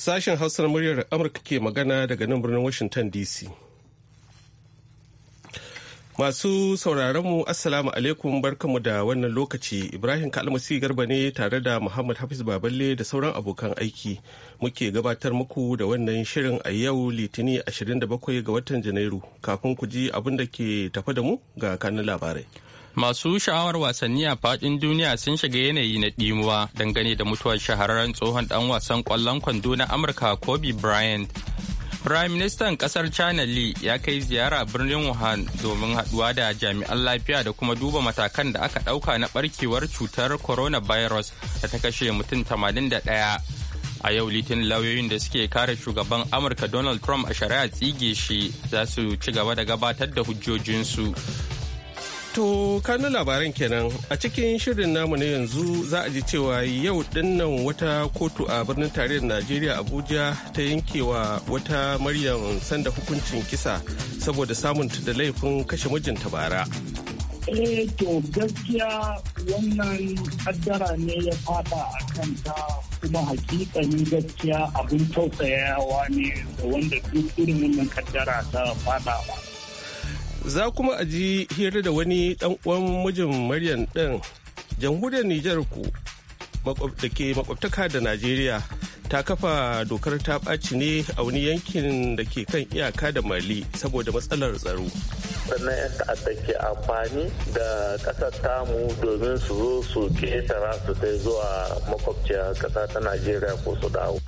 Sashen Hausar muryar Amurka ke magana daga nan birnin Washington DC. Masu sauraronmu Assalamu alaikum barkanmu da wannan lokaci Ibrahim Kalmasi Garba ne tare da Muhammad Hafiz Baballe da sauran abokan aiki muke gabatar muku da wannan shirin a yau Litini 27 ga watan Janairu kafin ku ji abin da ke tafa da mu ga kanun labarai. Masu sha'awar wasanni a faɗin duniya sun shiga yanayi na ɗimuwa dangane da mutuwar shahararren tsohon ɗan wasan ƙwallon kwando na Amurka Kobe Bryant. Prime Minister ƙasar China Li ya kai ziyara birnin Wuhan domin haɗuwa da jami'an lafiya da kuma duba matakan da aka ɗauka na ɓarkewar cutar coronavirus da ta kashe mutum 81. A yau litin lauyoyin da suke kare shugaban Amurka Donald Trump a shari'a tsige shi za su ci gaba da gabatar da hujjojinsu. To kanu labaran kenan a cikin shirin namu na yanzu za a ji cewa yau dinnan wata kotu a birnin tarayyar Najeriya Abuja ta yankewa wata Maryam sanda hukuncin kisa saboda samunta da laifin kashe mijinta bara. Eh to gaskiya wannan kaddara ne ya fada a kanta kuma hakikani gaskiya abin tausayawa ne da wanda duk irin wannan kaddara ta fada ba. za kuma a ji hira da wani dan uwan mijin Maryam din jamhuriyar Nijar ku da ke makwabtaka da Najeriya ta kafa dokar ta ɓaci ne a wani yankin da ke kan iyaka da Mali saboda matsalar tsaro. sannan 'yan ta'adda ke amfani da ƙasar tamu domin su zo su ke tara su sai zuwa makwabciyar ƙasa ta najeriya ko su dawo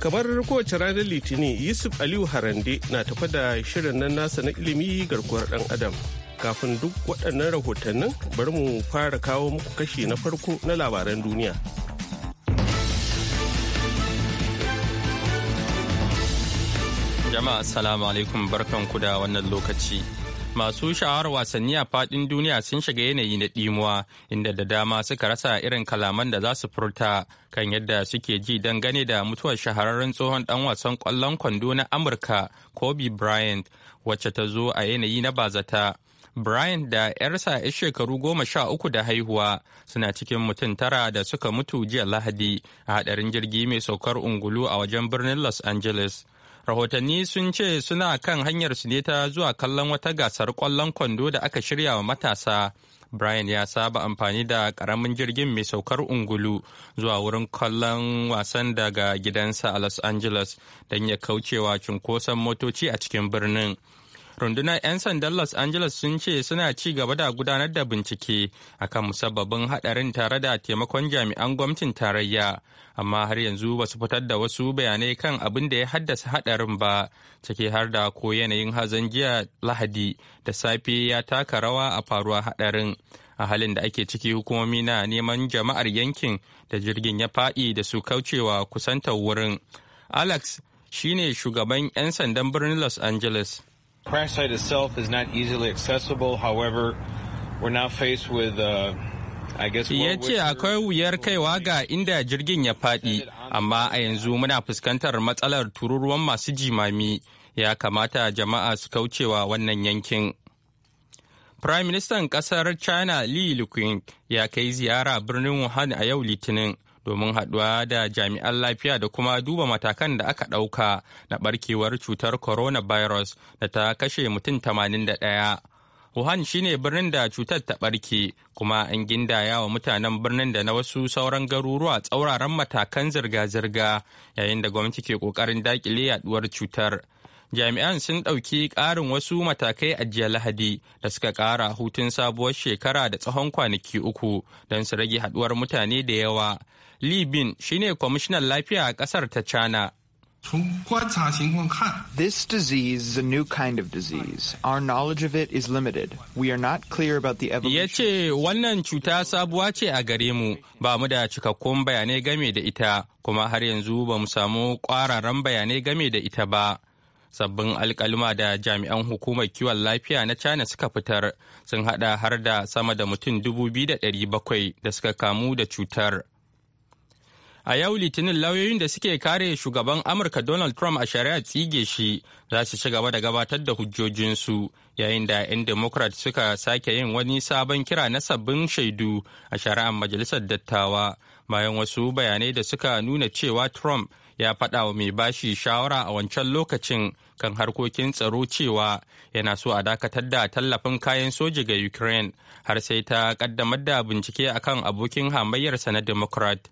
kamar kowace ranar litinin yusuf aliyu harande na tafa da shirin nan nasa na ilimi garkuwar dan adam kafin duk waɗannan rahotannin bari mu fara kawo muku kashi na farko na labaran duniya jama'a assalamu alaikum barkan ku da wannan lokaci masu sha'awar wasanni a fadin duniya sun shiga yanayi na ɗimuwa inda da dama suka rasa irin kalaman da za su furta kan yadda suke ji gane da mutuwar shahararren tsohon dan wasan kwallon kwando na amurka kobe bryant wacce ta zo a yanayi na bazata bryant da 'yarsa ya shekaru goma sha uku da haihuwa suna cikin mutum tara da suka mutu jiya lahadi a hadarin jirgi mai saukar ungulu a wajen birnin los angeles rahotanni sun ce suna kan hanyar su ne ta zuwa kallon wata gasar kwallon kwando da aka shirya wa matasa brian ya saba amfani da karamin jirgin mai saukar ungulu zuwa wurin kallon wasan daga gidansa a los angeles don ya kaucewa cunkoson motoci a cikin birnin rundunar 'yan sandan los angeles sun ce suna ci gaba da gudanar da bincike akan musabbabin hadarin tare da taimakon jami'an gwamnatin tarayya amma har yanzu ba su fitar da wasu bayanai kan abin da ya haddasa hadarin ba ciki har da ko yanayin hazan jiya lahadi da safe ya taka rawa a faruwa hadarin a halin da ake ciki hukumomi na neman jama'ar yankin da jirgin ya faɗi da su kaucewa kusantar wurin alex shine shugaban 'yan sandan birnin los angeles Crash site itself is not easily accessible. However, we're now faced with uh, ya ce akwai wuyar kaiwa ga inda jirgin ya faɗi amma a yanzu muna fuskantar matsalar tururuwan masu jimami ya kamata jama'a su kaucewa wannan yankin prime ministan kasar china li luqing ya kai ziyara birnin wuhan a yau litinin domin haɗuwa da jami'an lafiya da kuma duba matakan da aka ɗauka na ɓarkewar cutar coronavirus da ta kashe mutum 81. Wuhan shine birnin da cutar ta ɓarke kuma an gindaya wa mutanen birnin da na wasu sauran garuruwa tsauraran matakan zirga-zirga yayin da gwamnati ke ƙoƙarin daƙile yaɗuwar cutar. jami'an sun ɗauki ƙarin wasu matakai a jiya lahadi da suka ƙara hutun sabuwar shekara da tsawon kwanaki uku don su rage haɗuwar mutane da yawa Li Bin shine kwamishinan lafiya a ƙasar ta China. This disease is a new kind of disease. Our knowledge of it is limited. We are not clear about the evolution. Ya ce wannan cuta sabuwa ce a gare mu, ba mu da cikakkun bayanai game da ita, kuma har yanzu ba mu samu ƙwararan bayanai game da ita ba. Sabbin alƙaluma da jami'an hukumar kiwon lafiya na China suka fitar sun hada har da sama da mutum dubu biyu da ɗari bakwai da suka kamu da cutar. A yau Litinin lauyoyin da suke kare shugaban Amurka Donald Trump a shari'a tsige shi za su ci gaba da gabatar da hujjojinsu yayin da 'yan Democrat suka sake yin wani sabon kira na sabbin shaidu a shari'ar Majalisar Dattawa bayan wasu bayanai da suka nuna cewa Trump ya faɗa wa mai bashi shawara a wancan lokacin kan harkokin tsaro cewa yana so a dakatar da tallafin kayan soji ga Ukraine har sai ta ƙaddamar da bincike akan abokin hamayyarsa na Democrat.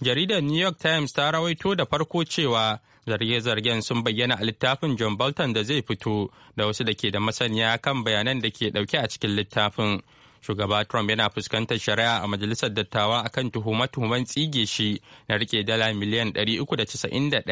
jaridar new york times ta rawaito da farko cewa zarge-zargen sun bayyana a littafin john bolton da zai fito da wasu da ke da masaniya kan bayanan da ke dauke a cikin littafin shugaba trump yana fuskantar shari'a a majalisar dattawa akan tuhume-tuhumen tsige shi na rike dala miliyan 391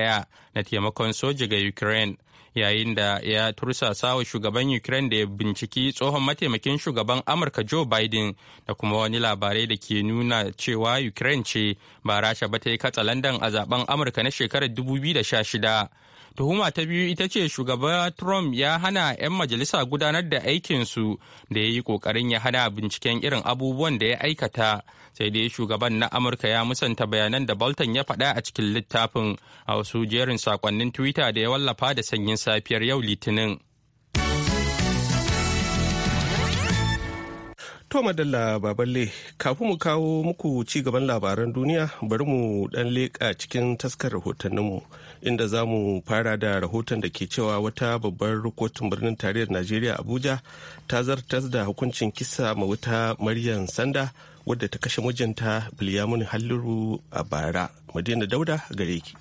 na taimakon soji ga ukraine yayin da ya tursasa wa shugaban Ukraine da ya binciki tsohon mataimakin shugaban Amurka Joe Biden da kuma wani labarai da ke nuna cewa Ukraine ce ba Rasha ba ta yi katsa katsalandan a zaben Amurka na shekarar 2016. Tuhuma ta biyu ita ce shugaba Trump ya hana 'yan majalisa gudanar da aikinsu da ya yi kokarin ya hana binciken irin abubuwan da ya aikata. Sai dai shugaban na Amurka ya musanta bayanan da Bolton ya faɗa a cikin littafin a wasu jerin sakonnin Twitter da ya wallafa da sanyin safiyar yau Litinin. To madalla baballe kafin mu kawo muku ci gaban labaran duniya bari mu dan leƙa cikin taskar rahotanninmu. mu. inda za mu fara da rahoton da ke cewa wata babbar kotun birnin tarayyar najeriya abuja ta zartar da hukuncin kisa ma wata maryam sanda wadda ta kashe mijinta bilyamun halliru a bara madina dauda gare ki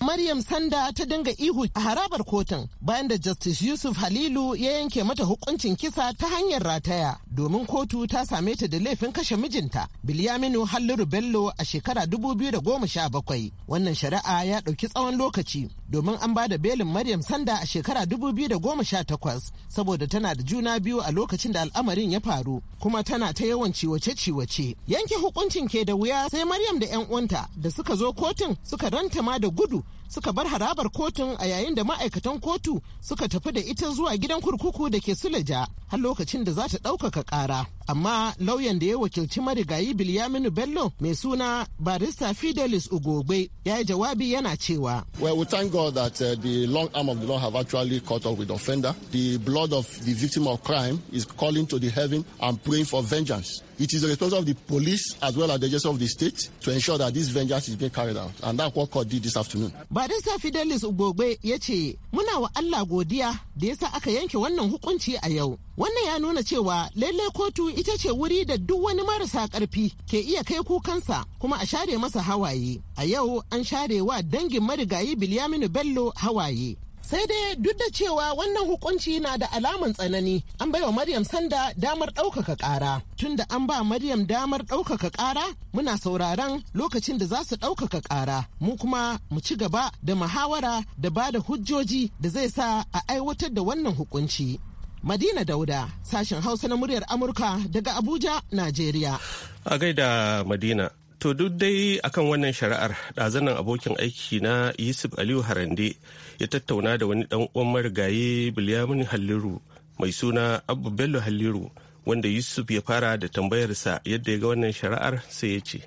Maryam Sanda ta dinga ihu a harabar kotun bayan da Justice Yusuf Halilu ya yanke mata hukuncin kisa ta hanyar rataya. domin kotu ta same ta da laifin kashe mijinta bilyaminu halliru bello a shekara 2017 wannan shari'a ya ɗauki tsawon lokaci domin an ba da belin maryam sanda a shekara 2018 saboda tana da juna biyu a lokacin da al'amarin ya faru kuma tana ta yawan ciwace-ciwace yanke hukuncin ke da wuya sai maryam da 'yan uwanta da suka zo kotun suka ranta ma da gudu suka bar harabar kotun a yayin da ma'aikatan kotu suka tafi da ita zuwa gidan kurkuku da ke suleja har lokacin da za ta ɗaukaka aka ƙara. amma lauyan da ya wakilci marigayi bilyaminu bello mai suna barista fidelis ugogbe ya yi jawabi yana cewa well we thank god that uh, the long arm of the law have actually caught up with offender the blood of the victim of crime is calling to the heaven and praying for vengeance It is the responsibility of the police as well as the justice of the state to ensure that this vengeance is being carried out. And that's what court did this afternoon. Barista Fidelis Ugogbe ya ce, Muna wa Allah godiya da ya sa aka yanke wannan hukunci a yau. Wannan ya nuna cewa lallai kotu ita ce wuri da duk wani marasa ƙarfi ke iya kai kukansa kuma a share masa hawaye. A yau an share wa dangin marigayi Bilyaminu Bello hawaye. sai dai duk da cewa wannan hukunci na da alaman tsanani an bai wa maryam sanda damar ɗaukaka ƙara tun da an ba maryam damar ɗaukaka ƙara muna sauraron lokacin da za su ɗaukaka ƙara mu kuma mu ci gaba da muhawara da ba da hujjoji da zai sa a aiwatar da wannan hukunci Madina Dauda, sashen Hausa na muryar Amurka daga Abuja, Najeriya. A gaida Madina. To duk dai akan wannan shari'ar ɗazanan abokin aiki na Yusuf Aliyu Harande ya tattauna da wani ɗan uwan marigayi Bilyamin Halliru mai suna Abu Bello Halliru wanda Yusuf ya fara da tambayarsa yadda ya ga wannan shari'ar sai ya ce.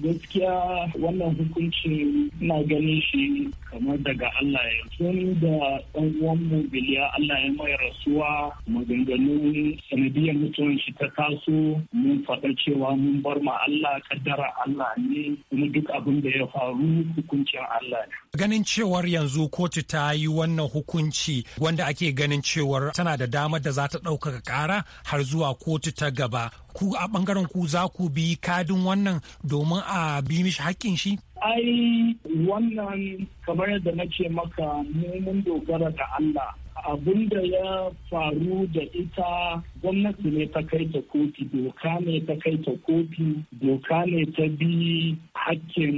gaskiya wannan hukuncin na ganin shi kamar daga Allah ya tuni da ɗan uwanmu biliya Allah ya mai rasuwa maganganun sanadiyar mutuwan shi ta taso mun faɗa cewa mun bar ma Allah kaddara Allah ne kuma duk abin da ya faru hukuncin Allah ne. Ganin cewar yanzu kotu ta yi wannan hukunci wanda ake ganin cewar tana da damar da za ta ɗaukaka ƙara har zuwa kotu ta gaba ku a bangaren ku za ku bi kadin wannan domin a bi mishi haƙƙin shi ai wannan kamar da nake maka mun dogara da Allah abin da ya faru da ita gwamnati ne ta kai ta kofi doka ne ta kai ta kofi doka ne ta bi hakkin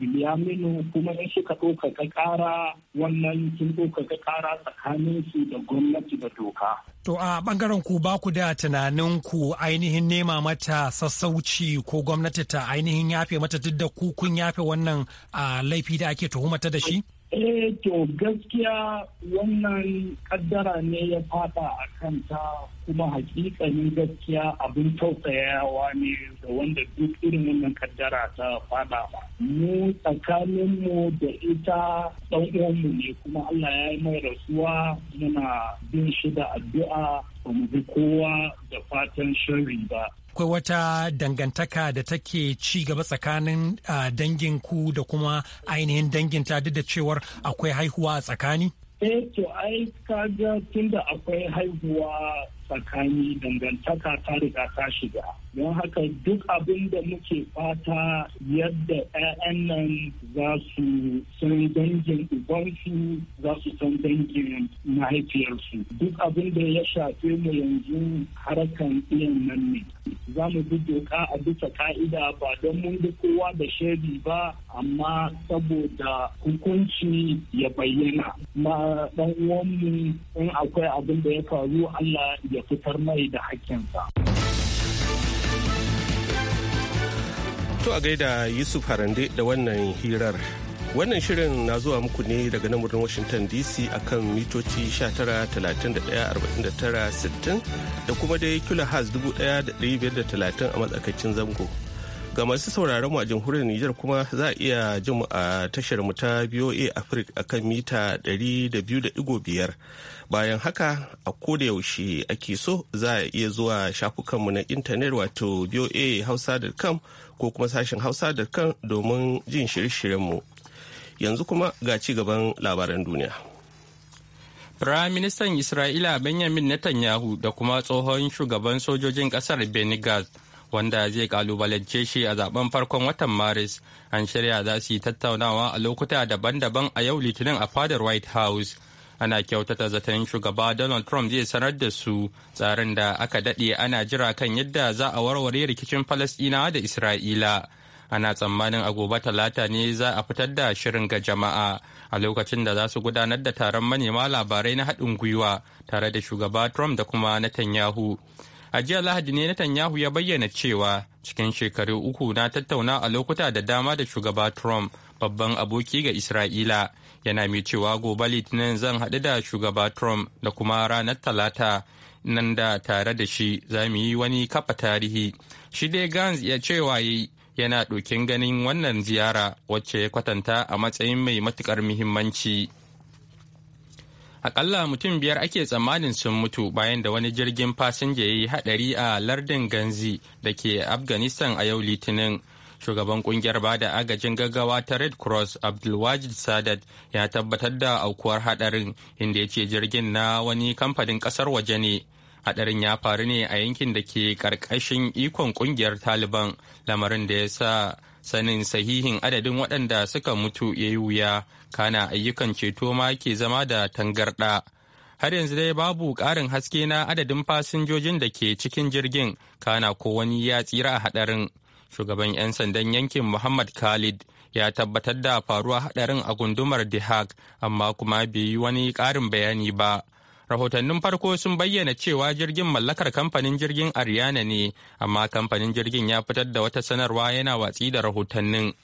biliyaminu kuma in suka ɗaukaka ƙara wannan sun ɗaukaka ƙara tsakanin su da gwamnati da doka. To a ɓangaren ku ba ku da tunanin ku ainihin nema mata sassauci ko gwamnati ta ainihin yafe mata duk da kukun kun yafe wannan wannan laifi da ake tuhumata da shi? Eh to gaskiya wannan kaddara ne ya fada a kanta kuma hakikanin gaskiya abin tausayawa ne da wanda duk irin wannan kaddara ta fada ba. Mu tsakaninmu da ita ɗan uwanmu ne kuma Allah ya yi mai rasuwa muna bin shi da addu'a ba bi kowa da fatan shari ba. akwai wata dangantaka da take ci gaba tsakanin dangin ku da kuma ainihin danginta duk da cewar akwai haihuwa a tsakani? Eh to ai kaga tunda akwai haihuwa tsakani dangantaka ta riga ta shiga don haka duk abin da muke fata yadda 'ya'yan nan za su san dangin ubansu za su san dangin mahaifiyarsu duk abin da ya shafe mu yanzu harkan iyan nan ne za mu bi doka a bisa ka'ida ba don mun bi kowa da shaidi ba amma saboda hukunci ya bayyana ma dan uwanmu in akwai abin da ya faru Allah ya ya fitar mai da hakkinsa. To a gaida Yusuf Harande da wannan hirar. Wannan shirin na zuwa muku ne daga nan birnin Washington DC akan mitoci 19,31,49,60 da kuma dai kilohertz 1,530 a matsakaicin zango. Ga masu sauraron mu a jamhuriyar Nijar kuma za a iya jin mu a tashar mu ta BOA Africa akan mita 200.5. bayan haka a kodayaushe ake so za a iya zuwa shafukanmu na intanet wato kan ko kuma sashen hausa.com domin jin shirye-shiryenmu yanzu kuma ga ci gaban labaran duniya Firaministan Isra'ila Benjamin Netanyahu da kuma tsohon shugaban sojojin ƙasar Benny Gantz wanda zai kalubalance shi a zaben farkon watan maris an shirya za su yi tattaunawa a lokuta daban-daban a yau litinin a fadar white house ana kyautata zaton shugaba donald trump zai sanar da su tsarin da aka daɗe ana jira kan yadda za a warware rikicin falasɗinawa da isra'ila ana tsammanin a gobe talata ne za a fitar da shirin ga jama'a a lokacin da za su gudanar da taron manema labarai na haɗin gwiwa tare da shugaba trump da kuma netanyahu a jiya lahadi ne netanyahu ya bayyana cewa cikin shekaru uku na tattauna a lokuta da dama da shugaba trump babban aboki ga Isra'ila, yana mai cewa gobe Litinin zan haɗu da shugaba Trump da kuma ranar Talata nan da tare da shi za mu yi wani kafa tarihi. Shi dai Gans ya cewa yi yana ɗokin ganin wannan ziyara wacce ya kwatanta a matsayin mai matuƙar muhimmanci. Akalla mutum biyar ake tsammanin sun mutu bayan da wani jirgin fasinja ya yi haɗari a lardin Ganzi da ke Afghanistan a yau Litinin. shugaban kungiyar bada agajin gaggawa ta red cross abdulwajid sadat ya tabbatar da aukuwar hadarin inda ya ce jirgin na wani kamfanin kasar waje ne hadarin ya faru ne a yankin da ke karkashin ikon kungiyar taliban lamarin da ya sa sanin sahihin adadin waɗanda suka mutu ya yi wuya kana ayyukan ceto ma ke zama da tangarɗa har yanzu dai babu ƙarin haske na adadin fasinjojin da ke cikin jirgin kana ko wani ya tsira a hadarin shugaban 'yan sandan yankin muhammad khalid ya tabbatar da faruwa hadarin a gundumar hague amma kuma bai yi wani karin bayani ba rahotannin farko sun bayyana cewa jirgin mallakar kamfanin jirgin ariana ne amma kamfanin jirgin ya fitar da wata sanarwa yana watsi da rahotannin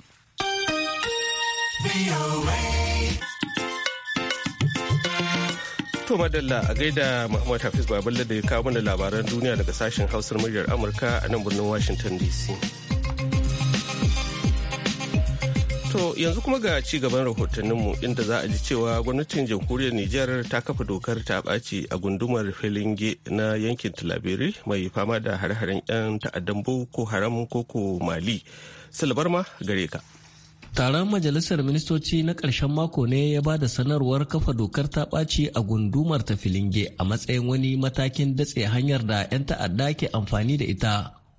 To madalla a gaida Muhammad Hafiz Babalda da ya kawo mana labaran duniya daga sashen Hausar muryar Amurka a nan birnin Washington DC. To yanzu kuma ga ci gaban rahotanninmu inda za a ji cewa gwamnatin jamhuriyar Nijar ta kafa dokar ta ɓaci a gundumar Filinge na yankin Tulaberi mai fama da hare-haren 'yan ta'addan Boko Haram koko Mali. Silbar ma gare ka. Taron Majalisar Ministoci na ƙarshen mako ne ya ba da sanarwar kafa dokar ta ɓaci a gundumar ta Filinge a matsayin wani matakin datse hanyar da 'yan ta'adda ke amfani da ita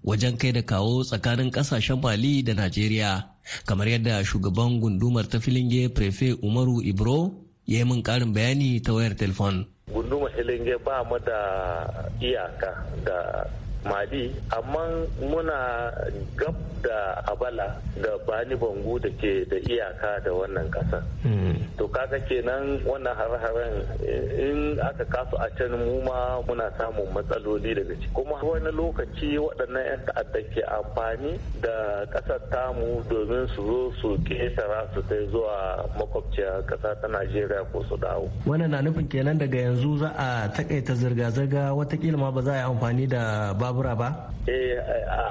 wajen kai da kawo tsakanin ƙasashen Mali da Najeriya. kamar yadda shugaban gundumar ta filinge prefe umaru ibro ya yi min karin bayani ta wayar telefon gundumar filinge ba mu da iyaka da madi amma muna gab da abala da bani bango da ke da iyaka da wannan kasa hmm. to kaga kenan wannan har-haren in aka kasu a can mu ma muna samun matsaloli daga ciki kuma wani lokaci waɗannan 'yan ta'adda ke amfani da ƙasar tamu domin su zo su ƙetara su kai zuwa makwabciya ƙasa ta najeriya ko su dawo wannan na nufin kenan daga yanzu za a takaita zirga-zirga watakila ma ba za a yi amfani da babura ba eh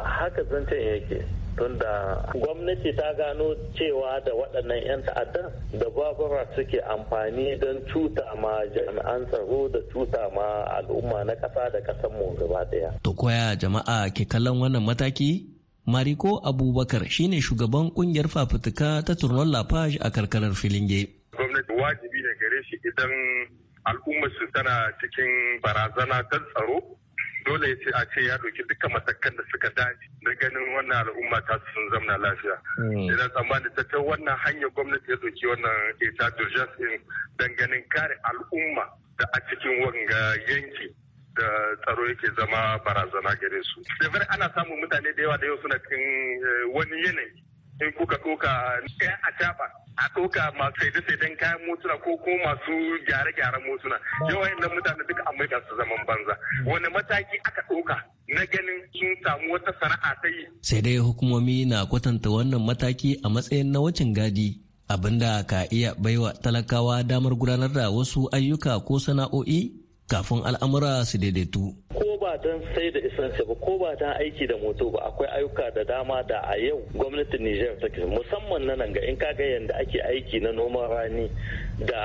haka zancen yake tunda gwamnati ta gano cewa da waɗannan 'yan ta'addan, da babura suke amfani don cuta ma jami'an tsaro da cuta ma al'umma na ƙasa da ƙasar mu gaba ɗaya. To koya jama'a ke kallon wannan mataki? Mariko Abubakar shine shugaban kungiyar fafutuka ta Turnon Lafaj a karkarar Filinge. Gwamnati wajibi ne gare shi idan al'ummar su tana cikin barazana ta tsaro dole ya ce a ce ya ɗauki dukkan matakan da suka dace Na ganin wannan al'umma ta sun zamna lafiya. Hmm. Ina tsammani ta ta wannan hanyar gwamnati ya ɗauki wannan ita d'urgence din dan ganin kare al'umma da a cikin wanga yanki da tsaro yake zama barazana gare su. Da ana samun mutane da yawa da yau suna cikin eh, wani yanayi in kuka koka a caɓa a koka masu sai saiden kayan motuna ko ko masu gyare gyare motuna yawan nan mutane duka an da su zaman banza wani mataki aka ɗauka na ganin sun samu wata sana'a ta yi sai dai hukumomi na kwatanta wannan mataki a matsayin na wucin gadi abinda ka iya baiwa talakawa damar gudanar da wasu ayyuka ko sana'o'i kafin al'amura su daidaitu don sai da isansa ba ko ba ta aiki da moto ba akwai ayyuka da dama da a yau gwamnatin Nijar take musamman na nan ga in kaga yanda ake aiki na noman rani da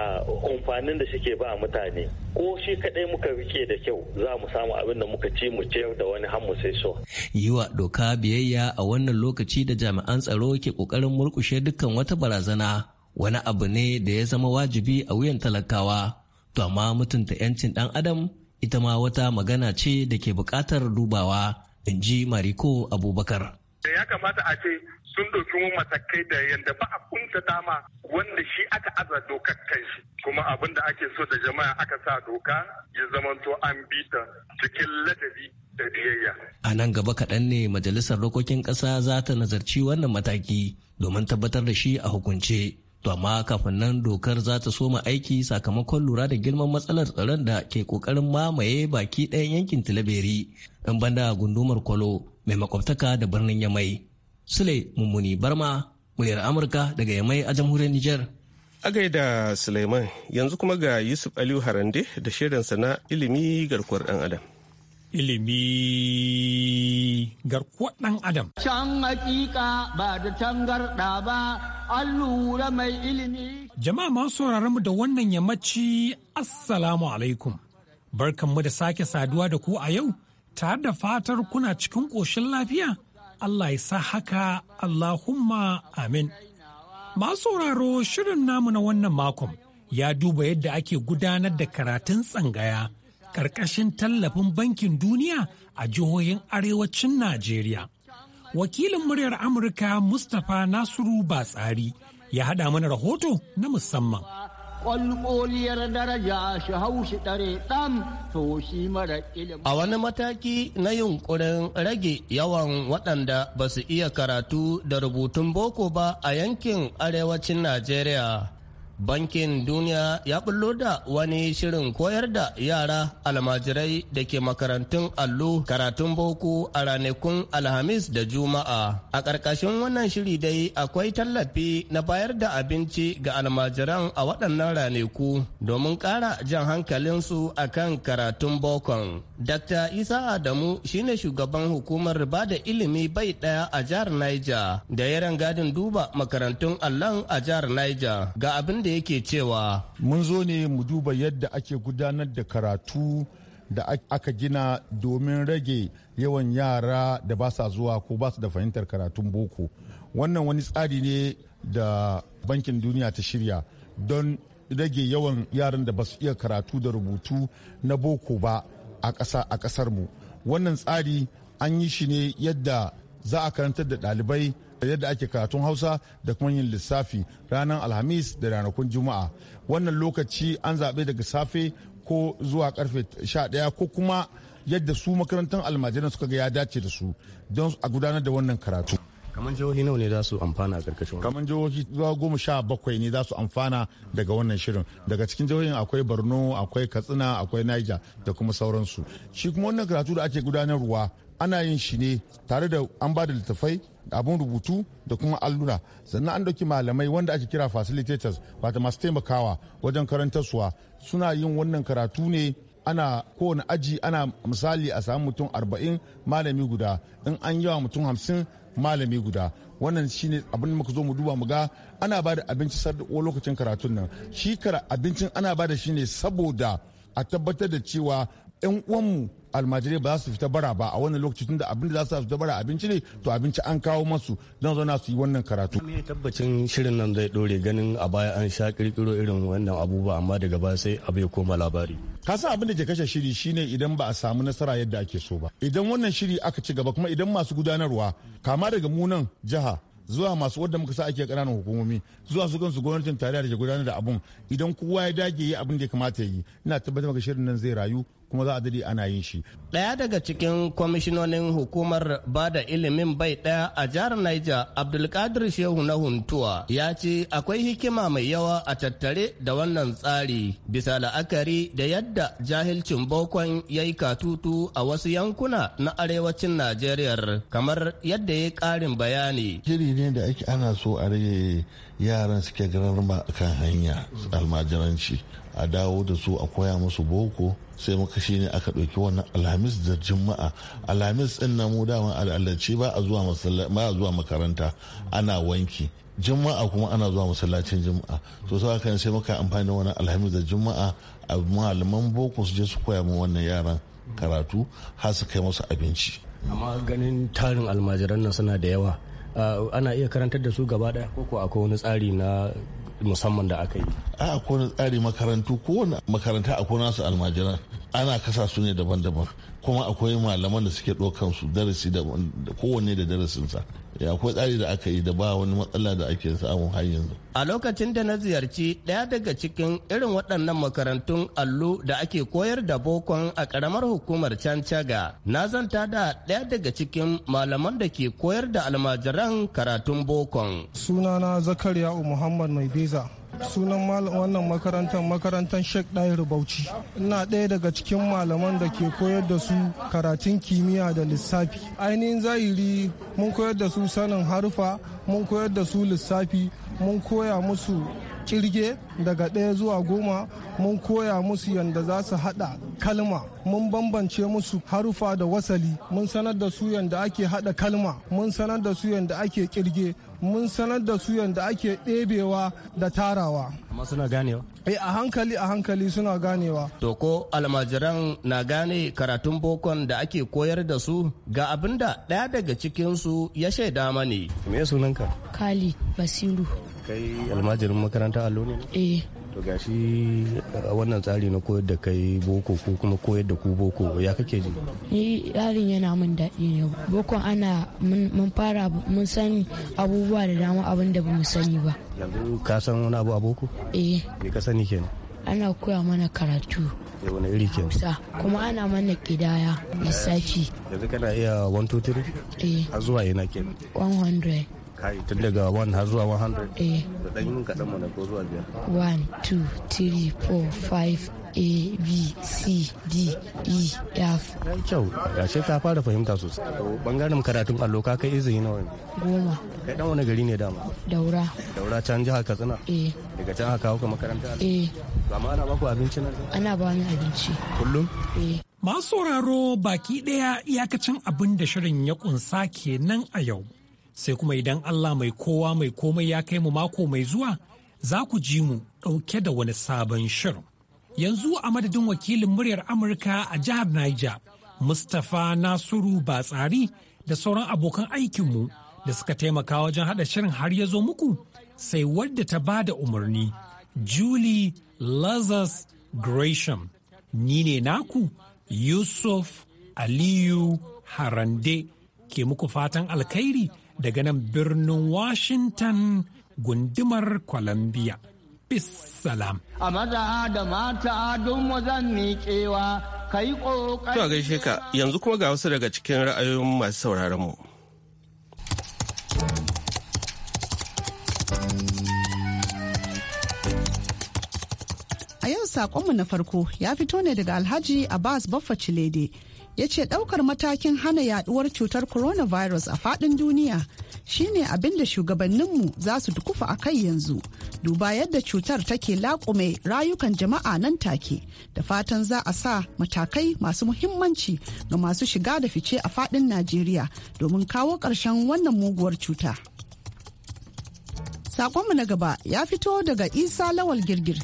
amfanin da shike ba mutane ko shi kadai muka rike da kyau za mu samu abin da muka ci mu ciyar da wani har mu sai so yiwa doka biyayya a wannan lokaci da jami'an tsaro ke kokarin murkushe dukkan wata barazana wani abu ne da ya zama wajibi a wuyan talakawa to amma mutunta 'yancin dan adam ita ma wata magana ce da ke bukatar dubawa in ji mariko abubakar da ya kamata a ce sun ɗauki matakai da yadda ba a kunta dama wanda shi aka aza dokar kai shi kuma abin da ake so da jama'a aka sa doka ya zamanto an bi ta cikin ladabi da biyayya. A nan gaba kaɗan ne majalisar dokokin ƙasa za ta nazarci wannan mataki domin tabbatar da shi a hukunce. To amma kafin nan dokar za ta soma aiki sakamakon lura da girman matsalar tsaron da ke kokarin mamaye baki ɗayan yankin Tilaberi in banda gundumar Kwalo mai makwabtaka da birnin Yamai. Sule Mummuni Barma, muryar Amurka daga Yamai a jamhuriyar niger. A gaida Suleiman yanzu kuma ga Yusuf Aliyu Harande da shirinsa na ilimi garkuwar ɗan Adam. ilimi garkuwar ɗan adam. Can hakika ba da tangarɗa ba, an lura mai ilimi. Jama'a masu sauraron mu da wannan yammaci Assalamu alaikum. Barkanmu da sake saduwa da ku a yau, tare da fatar kuna cikin ƙoshin lafiya. Allah ya sa haka Allahumma amin. Masu sauraro shirin namu na wannan makon ya duba yadda ake gudanar da karatun tsangaya. ƙarƙashin tallafin bankin duniya a jihohin arewacin Najeriya. Wakilin muryar Amurka Mustapha Nasiru Batsari ya haɗa mana rahoto na musamman. ƙwalƙoliyar daraja shi mara ilimin. A wani mataki na yunkurin rage yawan waɗanda ba su iya karatu da rubutun boko ba a yankin arewacin Najeriya. bankin duniya ya bullo da wani shirin koyar da yara almajirai da ke makarantun allo karatun boko a ranakun alhamis da juma'a a ƙarƙashin wannan shiri dai akwai tallafi na bayar da abinci ga almajiran a waɗannan ranaku domin ƙara jan hankalinsu akan karatun bokon Dr. Isa Adamu shine shugaban hukumar ba da ilimi bai daya a jihar Niger da ya rangadin duba makarantun allon a jihar Niger ga abin da yake cewa. Mun zo ne mu duba yadda ake gudanar da karatu da aka gina domin rage yawan yara da ba sa zuwa ko ba su da fahimtar karatun boko. Wannan wani tsari ne da bankin duniya ta shirya don rage yawan yaran da ba su iya karatu da rubutu na boko ba. a ƙasar mu wannan tsari an yi shi ne yadda za a karantar da ɗalibai yadda ake karatun hausa da kuma yin lissafi ranar alhamis da ranakun juma'a wannan lokaci an zaɓe daga safe ko zuwa karfe 11 ko kuma yadda su makarantar almajiran suka ga ya dace da su don a gudanar da wannan karatu kamar jihohi nawa ne za su amfana a karkashin kamar jihohi zuwa goma sha bakwai ne za su amfana daga wannan shirin daga cikin jihohin akwai borno akwai katsina akwai niger da kuma sauransu shi kuma wannan karatu da ake gudanarwa ana yin shi ne tare da an ba da littattafai abun rubutu da kuma alluna sannan an dauki malamai wanda ake kira facilitators wata masu taimakawa wajen karantarsuwa suna yin wannan karatu ne ana kowane aji ana misali a samu mutum arba'in malami guda in an yi yawa mutum hamsin malami guda wannan shine abin muka zo mu duba mu ga ana ba da abinci sardaƙo lokacin karatun nan shi kara abincin ana bada da shi ne saboda a tabbatar da cewa 'yan uwanmu almajirai ba za su fita bara ba a wannan lokaci tunda abin da za su fita bara abinci ne to abinci an kawo masu don zauna su yi wannan karatu. Me tabbacin shirin nan zai dore ganin a baya an sha kirkiro irin wannan abubuwa amma daga baya sai abu ya koma labari. Ka san abin da ke kashe shiri shine idan ba a samu nasara yadda ake so ba. Idan wannan shiri aka ci gaba kuma idan masu gudanarwa kama daga munan jiha zuwa masu wadda muka sa ake ƙananan hukumomi zuwa su kansu gwamnatin tarayya da ke gudanar da abun idan kowa ya dage yi abin da ya kamata ya yi ina tabbatar maka shirin nan zai rayu kuma za a dadi ana yin shi. Ɗaya daga cikin kwamishinonin hukumar bada ilimin bai ɗaya a jihar Niger, Abdulkadir Shehu na Huntuwa, ya ce akwai hikima mai yawa a tattare da wannan tsari bisa la'akari da yadda jahilcin bokon ya yi katutu a wasu yankuna na arewacin Najeriya kamar yadda ya karin bayani. Shiri ne da ake ana so a rage yaran suke a kan hanya almajiranci a dawo da su a koya musu boko sai muka shi ne aka ɗauki wannan alhamis da juma'a alhamis ɗin na mu dama al'adarci ba a zuwa makaranta ana wanki juma'a kuma ana zuwa masallacin juma'a to sai kan sai muka amfani wannan alhamis da juma'a a malaman boko su je su koya mu wannan yaran karatu har su kai musu abinci amma ganin tarin almajiran nan suna da yawa ana iya karantar da su gaba daya koko akwai wani tsari na musamman da aka yi a akwai wani tsari makarantu kowane makaranta akwai nasu almajiran ana kasa su ne daban-daban kuma akwai malaman da suke ɗaukan su darasi kowanne da darasinsa ya akwai tsari da aka yi da ba wani matsala da ake samu har yanzu a lokacin da na ziyarci ɗaya daga cikin irin waɗannan makarantun allo da ake koyar da bokon a ƙaramar hukumar cancaga na zanta da ɗaya daga cikin malaman da ke koyar da almajiran karatun bokon sunana zakariya muhammad mai biza sunan wannan makarantar makarantar sheikh ɗahir bauchi ina ɗaya daga cikin malaman da ke koyar da su karatun kimiyya da lissafi ainihin zahiri mun koyar da su sanin harfa mun koyar da su lissafi mun koya musu kirge daga ɗaya zuwa goma mun koya musu yadda za su haɗa kalma mun bambance musu harufa da wasali mun sanar da su yadda ake haɗa kalma mun sanar da su yadda ake kirge mun sanar da su yadda ake ɗebewa da tarawa. Amma suna ganewa? Eh a hankali a hankali suna ganewa. To ko almajiran na gane karatun bokon da ake koyar da su ga abin da ɗaya daga cikinsu ya shaida mani. Me sunanka? Kali Basiru. Kai almajirin makaranta allo ne? Eh. to gashi wannan tsari na koyar da kai boko ko kuma koyar da ku boko ya kake ji ni tsarin yana min daɗi ne boko ana mun fara mun sani abubuwa da dama abin da bamu sani ba yanzu ka san wani abu a boko eh me ka sani kenan ana koya mana karatu da eh, wani iri ke Hausa kuma ana mana kidaya lissafi yanzu kana iya 123 eh har zuwa yana kenan 100 tun daga 1 har zuwa 100 da dan yin mana ko zuwa biyar 1 2 3 4 5 A, B, C, D, E, F. Kai kyau, ashe ka fara fahimta sosai. Bangaren karatun allo ka kai izini nawa ne? Goma. Kai dan wani gari ne dama? Daura. Daura can jihar Katsina? Eh. Daga can haka hauka makaranta? Eh. Amma ana baku abinci nan? Ana ba ni abinci. Kullum? Eh. Masu sauraro baki ɗaya iyakacin abin da shirin ya kunsa kenan a yau. sai kuma idan Allah mai kowa mai komai ya kai mu mako mai zuwa za ku ji mu ɗauke da wani sabon shirin. Yanzu a madadin wakilin muryar Amurka a jihar Niger, Mustapha Nasiru Batsari da sauran abokan aikinmu da suka taimaka wajen haɗa shirin har ya zo muku sai wadda ta ba da umarni. Julie Lazarus Gresham, ni ne naku Yusuf Aliyu Harande ke muku fatan alkhairi. daga nan birnin Washington gundumar Columbia. bissalam A maza da mata don zan miƙewa ka yi ƙoƙari. To gaishe ka yanzu kuma ga wasu daga cikin ra'ayoyin masu sauraron mu. A yau saƙonmu na farko ya fito ne daga Alhaji Abbas Baffa Cilede. ya ce ɗaukar matakin hana yaduwar cutar coronavirus a faɗin duniya shine abin da shugabanninmu za su dukufa a kai yanzu duba yadda cutar take laƙume rayukan jama'a nan take da fatan za a sa matakai masu muhimmanci ga masu shiga da fice a faɗin najeriya domin kawo ƙarshen wannan muguwar cuta. saƙonmu na gaba ya fito daga Isa Lawal Girgir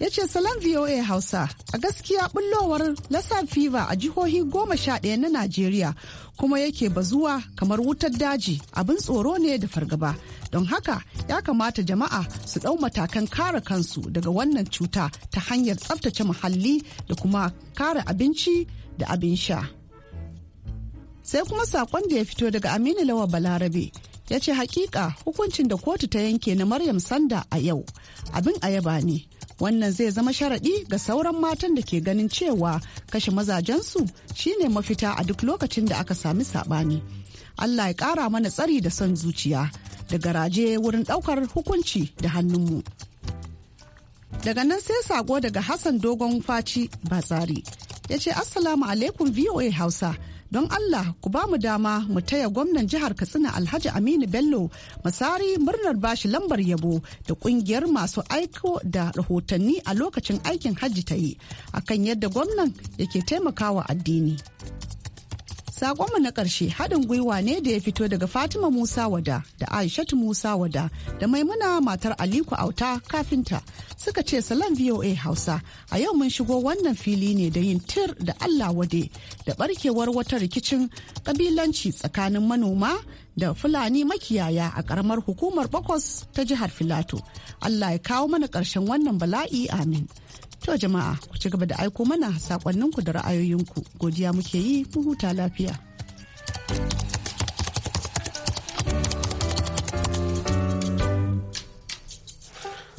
ya ce salon VOA Hausa a gaskiya bullowar lasafi fever a jihohi goma sha ɗaya na Najeriya kuma yake bazuwa kamar wutar daji abin tsoro ne da fargaba don haka ya kamata jama'a su ɗau matakan kare kansu daga wannan cuta ta hanyar tsaftace muhalli da kuma kare abinci da abin sha. sai kuma saƙon da ya fito daga aminu lawa balarabe ya ce hakika hukuncin da kotu ta yanke na maryam sanda a yau abin ayaba ne wannan zai zama sharaɗi ga sauran matan da ke ganin cewa kashe mazajensu shine mafita a duk lokacin da aka sami saɓani allah ya ƙara mana tsari da son zuciya da garaje wurin ɗaukar hukunci da hannunmu daga nan sai sako daga hassan dogon faci ba tsari ya ce assalamu alaikum voa hausa don Allah ku ba mu dama mu taya gwamnan jihar Katsina Alhaji Aminu Bello Masari murnar bashi lambar yabo da kungiyar masu aiko da rahotanni a lokacin aikin hajji ta yi akan yadda gwamnan yake taimakawa addini. Sakonmu na ƙarshe haɗin gwiwa ne da ya fito daga Fatima Musa Wada da Aishatu Musa Wada da Maimuna matar aliku Auta kafinta suka ce salon VOA Hausa a yau mun shigo wannan fili ne da yin tir da Allah wade da barkewar wata rikicin kabilanci tsakanin manoma da Fulani makiyaya a ƙaramar hukumar Bakwas ta jihar Filato. Allah ya kawo mana ƙarshen wannan bala'i amin. To jama'a ku ci gaba da aiko mana sakonninku da ra'ayoyinku godiya muke yi mu huta lafiya.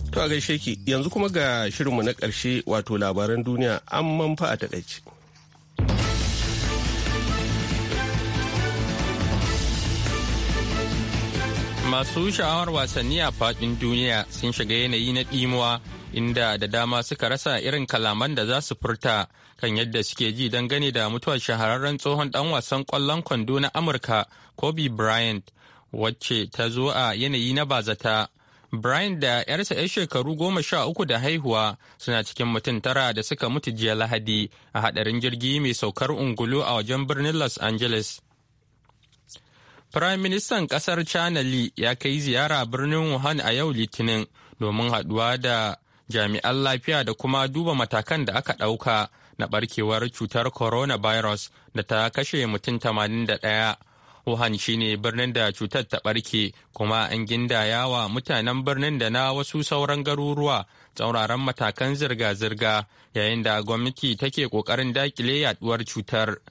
To a sheki yanzu kuma ga shirinmu na ƙarshe wato labaran duniya an manfa a taƙaice. Masu sha'awar wasanni a faɗin duniya sun shiga yanayi na ɗimuwa inda da dama suka rasa irin kalaman da za su furta kan yadda suke ji don dangane da mutuwar shahararren tsohon dan wasan kwallon kwando na amurka kobe bryant wacce ta zo a yanayi na bazata bryant da yarsa 'yar shekaru goma sha uku da haihuwa suna cikin mutum tara da suka mutu jiya lahadi a hadarin jirgi mai saukar ungulu a wajen birnin los angeles Firayim Ministan kasar China Li ya kai ziyara birnin Wuhan a yau Litinin domin haduwa da jami'an lafiya da kuma duba matakan da aka ɗauka na ɓarkewar cutar coronavirus da ta kashe mutum 81. Wuhan shine birnin da cutar ta ɓarke kuma an gindaya wa mutanen birnin da na wasu sauran garuruwa tsauraran matakan zirga-zirga yayin da gwamnati take ƙoƙarin daƙile yaduwar cutar.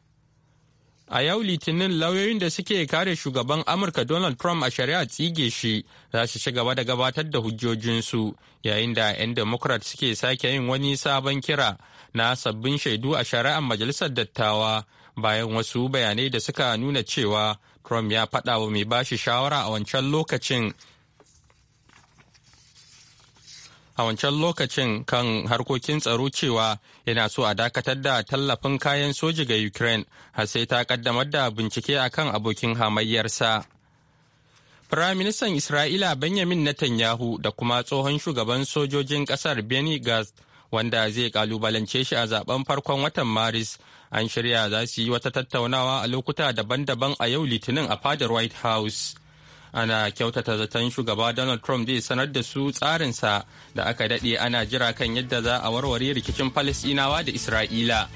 A yau Litinin lauyoyin da suke kare shugaban Amurka Donald Trump a shari'a tsige shi za su ci gaba da gabatar da hujjojinsu yayin da 'yan Democrat suke sake yin wani sabon kira na sabbin shaidu a shari'ar Majalisar Dattawa bayan wasu bayanai da suka nuna cewa Trump ya faɗa wa mai bashi shawara a wancan lokacin a wancan lokacin kan harkokin tsaro cewa yana so a dakatar da tallafin kayan soji ga Ukraine har sai ta kaddamar da bincike a kan abokin hamayyarsa. Firaministan Isra'ila Benjamin Netanyahu da kuma tsohon shugaban sojojin kasar Benny gas wanda zai kalubalance shi a zaben farkon watan Maris an shirya za su yi wata tattaunawa a lokuta daban-daban a yau Litinin a fadar White House. ana kyautata zaton shugaba donald trump zai sanar da su tsarinsa da aka daɗe ana jira kan yadda za a warware rikicin falasɗinawa da isra'ila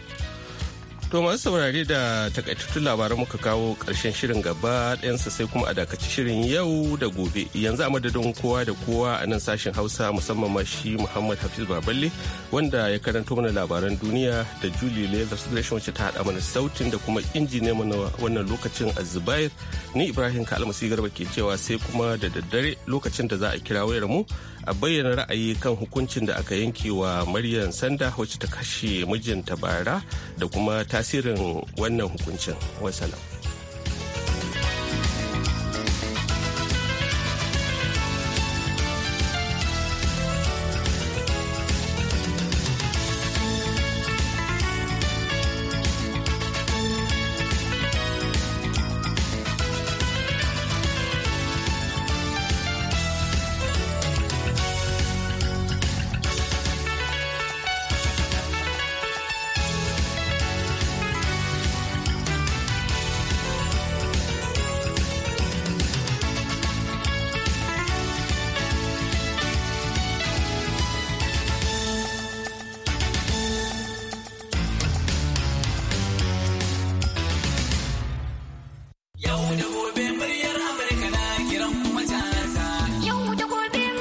To masu saurare da takaitattun labaran muka kawo ƙarshen shirin gaba ɗayansa sai kuma a dakaci shirin yau da gobe. Yanzu a madadin kowa da kowa a nan sashen Hausa musamman ma shi Muhammad Hafiz Baballe wanda ya karanto mana labaran duniya da Julie suke Gresham wacce ta haɗa mana sautin da kuma injiniya mana wannan lokacin a Zubair. Ni Ibrahim Kalmasi Garba ke cewa sai kuma da daddare lokacin da za a kira wayar mu a bayyana ra'ayi kan hukuncin da aka yanke wa Maryam Sanda wacce ta kashe mijinta bara da kuma tasirin wannan hukuncin. Wasalam.